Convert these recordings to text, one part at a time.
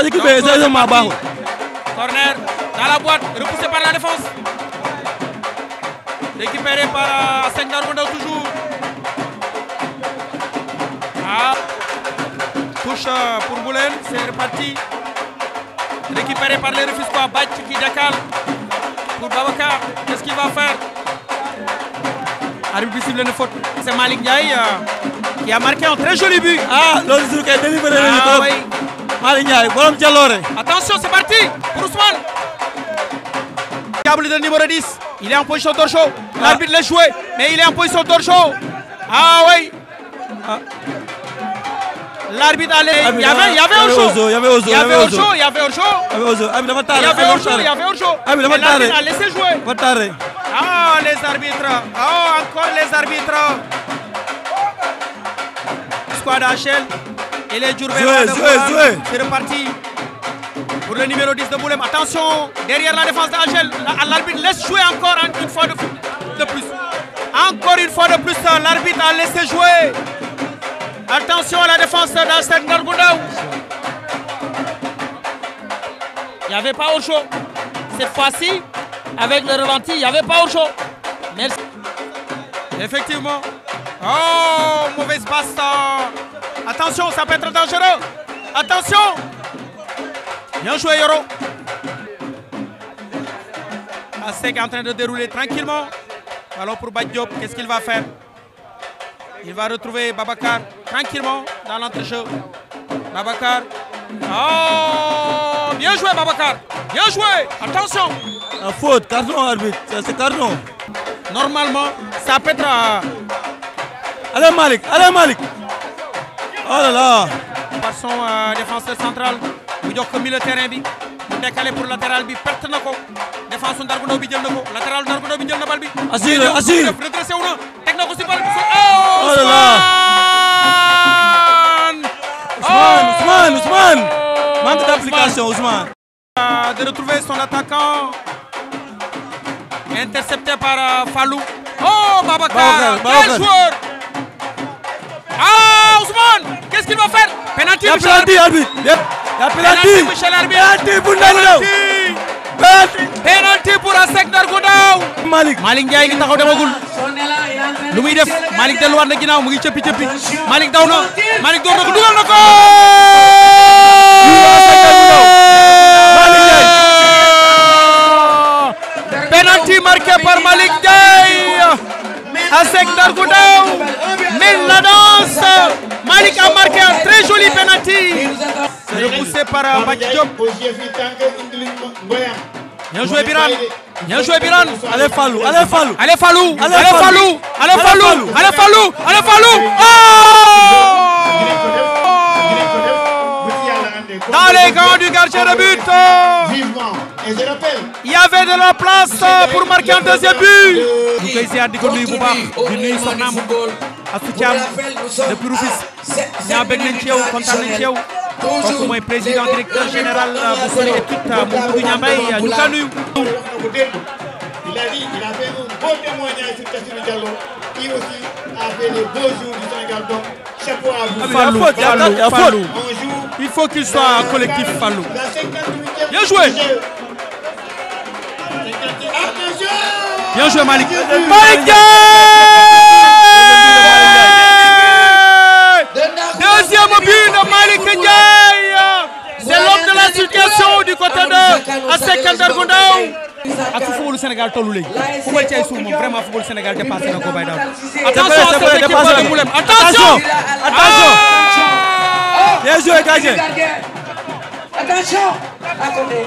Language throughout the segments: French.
Fatick B deuxième maa baaxul. corner dans la boîte repoussé par la défense. récupéré par Assane Ndiarou Ndaw toujours. ah. touche pour Boulen, c'est reparti. récupéré par les Rufisquois Bac qui décale pour Babacar qu'est-ce é qu'il va faire. Arrive bi siffle na faute c'est é Malick Ndiaye qui é a marqué un très joli but. ah loolu sur kay délibéré nañu trop. attention c'est parti pour numéro 10. Il est en position torchon. Ah. L'arbitre l'a joué, mais il est en position torchon. Ah oui. Ah. L'arbitre allait. Ah, il y avait, il y avait show. Il y avait show, Il y avait show. Il y avait show, Il y avait Il y avait Il a laissé jouer. Ah, les arbitres. Ah, encore les arbitres. Squad HL. Et les jouer. C'est reparti pour le numéro 10 de Boulem. Attention, derrière la défense d'Angèle, l'arbitre laisse jouer encore une fois de, plus. Encore une fois de plus, l'arbitre a laissé jouer. Attention à la défense d'Angèle Ngargoudaou. Il n'y avait pas au chaud. Cette fois-ci, avec le reventi, il n'y avait pas au chaud. Effectivement. Oh, mauvaise passe. Hein. Attention, ça peut être dangereux. Attention. Bien joué, Yoro. Asek est en train de dérouler tranquillement. Alors, pour Diop, Qu'est-ce qu'il va faire Il va retrouver Babacar tranquillement dans l'entrejeu. Babacar. Oh Bien joué, Babacar. Bien joué. Attention. La faute, carton, arbitre. C'est carton. Normalement, ça peut être. Allez, Malik. Allez, Malik oh là là par son défenseur central Il a mis le terrain Il est décalé pour latéral Il perd. Défenseur ko défense su Ndargou Ndaw bi jël na latéral Ndargou Ndaw bi jël na bal bi. Assire Assire redressé wu na oh là là Ousmane Ousmane Ousmane manque d'application Ousmane. Euh, de retrouver son attaquant intercepté par euh, Fallou. oh Babacar Babacar quel joueur ah. Ousmane qu'est-ce qu'il va faire penalty bu Michel Herbie bu Ndar Ndaw penalty pour ASEC Ndargou Ndaw Malick Malick Ndiaye ngi taxaw demagul lu muy def Malick delluwaat na ginnaaw mu ngi cëppi cëppi Malick daw na Malick door na ko dugal na ko penalty marqué par Malick Ndiaye à sec d'Argoudao. Mais la danse, Malik a marqué un très joli penalty. Repoussé par euh, Bien joué Biran. Bien joué Biran. Allez Fallou, allez Fallou. Allez Fallou, allez Fallou, allez Fallou, allez Fallou, allez oh! Fallou. Dans les gants du gardien de but. Il y avait de la place pour marquer un deuxième but. ñu koy ziar di ko nuyu bu baax di nuyu soxnaam Astou Thiam depuis Rufisque ñaa bëgg nañ ci yow kontaan nañ ci yow kooku mooy président directeur général bu Soli Étude Mamadou Niambay ñu ka nuyu. Il a dit il a fait un beau témoignage sur Kassirou Diallo qui aussi a fait les beaux jours du Sénégal donc chapeau à vous. Bonjour. Ah, il faut qu'il soit collectif Fallou. Bien joué. Bien joué Malik. Malik Deuxième but de Malik Ndiaye. C'est l'homme de la situation du côté de Assek A ak fu footballu Sénégal tollu léegi football vraiment football Sénégal dépassé le ko bay attention c'est cette équipe de Mboulem attention attention. Ah. bien joué gardien. attention à côté.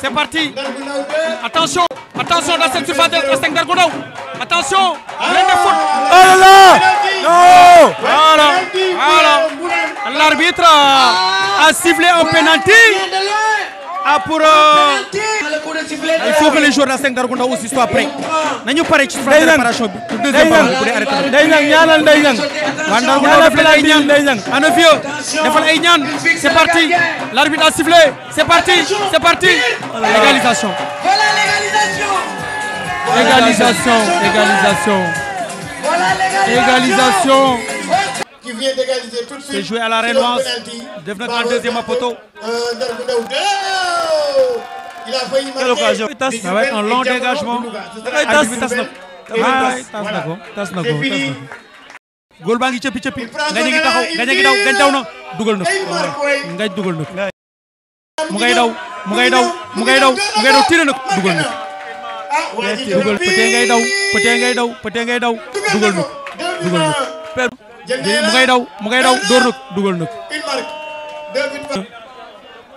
c'est parti attention attention attention ah oh là là voilà l'arbitre a sifflé en penalty ah pour euh, il faut que les joueurs de 5 Ndaw aussi soient prêts nañu pare ci de préparation bi pour deuxième ballon bu dee arrêté day ñaan ñaanal day ñaan ana vieux defal ay ñaan c'est parti l'arbitre a sifflé c'est parti c'est parti égalisation égalisation égalisation égalisation qui vient d'égaliser tout de suite c'est joué à la relance def en deuxième poteau euh, quelle occasion bi tas ça va être un long dégagement da koy tas tas na ko tas na ko góol baa ngi cëppi cëppi nga ngi taxaw nga ngi daw nga daw na dugal na nga dugal na mu ngay daw mu ngay daw mu ngay daw mu ngay daw tiire na dugal na ah, dugal peut ngay daw peut ngay daw peut ngay daw dugal na dugal na mu ngay daw mu ngay daw door na dugal na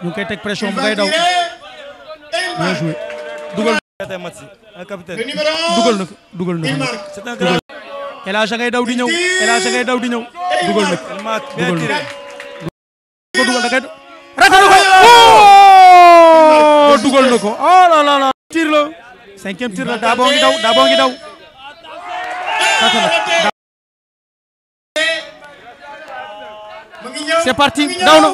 ñu ngi koy teg pression mu ngay daw bien joué dugal na capitaine dugal na ko dugal na daw di ñëw El Hadj ngay daw di ñëw dugal na ko dugal na ko dugal na ko raté oh! na ko dugal na ko oh là là daw daa daw c'est parti daw na